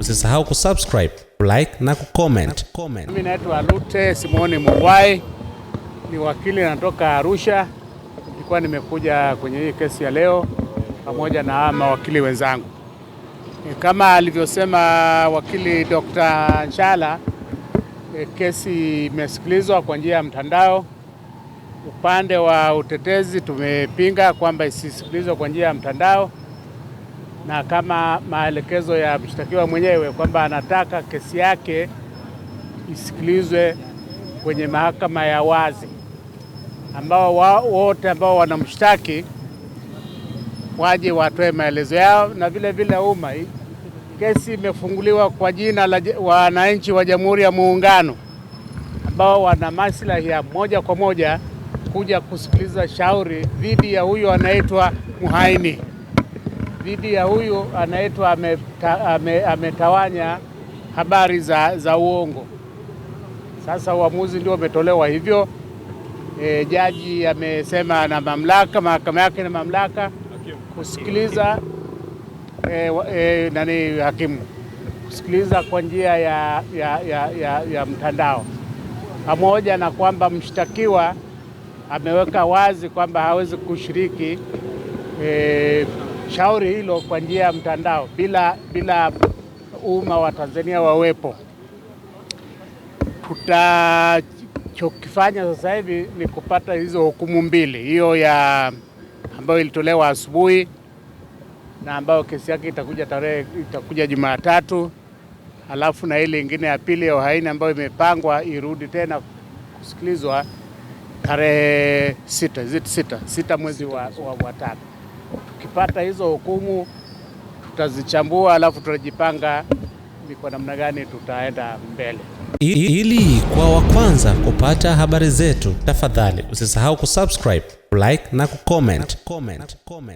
Usisahau kusubscribe, like na kucomment. Mimi naitwa Lute Simoni Mwai, ni wakili natoka Arusha. Nilikuwa nimekuja kwenye hii kesi ya leo pamoja na mawakili wenzangu. E, kama alivyosema wakili Dr. Nshala, e, kesi imesikilizwa kwa njia ya mtandao. Upande wa utetezi tumepinga kwamba isisikilizwe kwa njia ya mtandao na kama maelekezo ya mshtakiwa mwenyewe kwamba anataka kesi yake isikilizwe kwenye mahakama ya wazi, ambao wote ambao wanamshtaki waje watoe maelezo yao, na vile vile umma. Kesi imefunguliwa kwa jina la wananchi wa Jamhuri ya Muungano ambao wana maslahi ya moja kwa moja kuja kusikiliza shauri dhidi ya huyo anaitwa muhaini dhidi ya huyu anaitwa ametawanya habari za, za uongo. Sasa uamuzi ndio umetolewa hivyo. E, jaji amesema na mamlaka mahakama yake na mamlaka kusikiliza e, e, nani hakimu kusikiliza kwa njia ya, ya, ya, ya, ya mtandao pamoja na kwamba mshtakiwa ameweka wazi kwamba hawezi kushiriki e, shauri hilo kwa njia ya mtandao bila, bila umma wa Tanzania wawepo. Tutachokifanya sasa hivi ni kupata hizo hukumu mbili, hiyo ya ambayo ilitolewa asubuhi na ambayo kesi yake itakuja tarehe itakuja Jumatatu, alafu na ile ingine ya pili ya uhaini ambayo imepangwa irudi tena kusikilizwa tarehe sita, sita, sita mwezi wa, wa, wa tatu. Tukipata hizo hukumu tutazichambua, alafu tutajipanga ni kwa namna gani tutaenda mbele. Ili kwa wa kwanza kupata habari zetu, tafadhali usisahau kusubscribe, like na kucomment.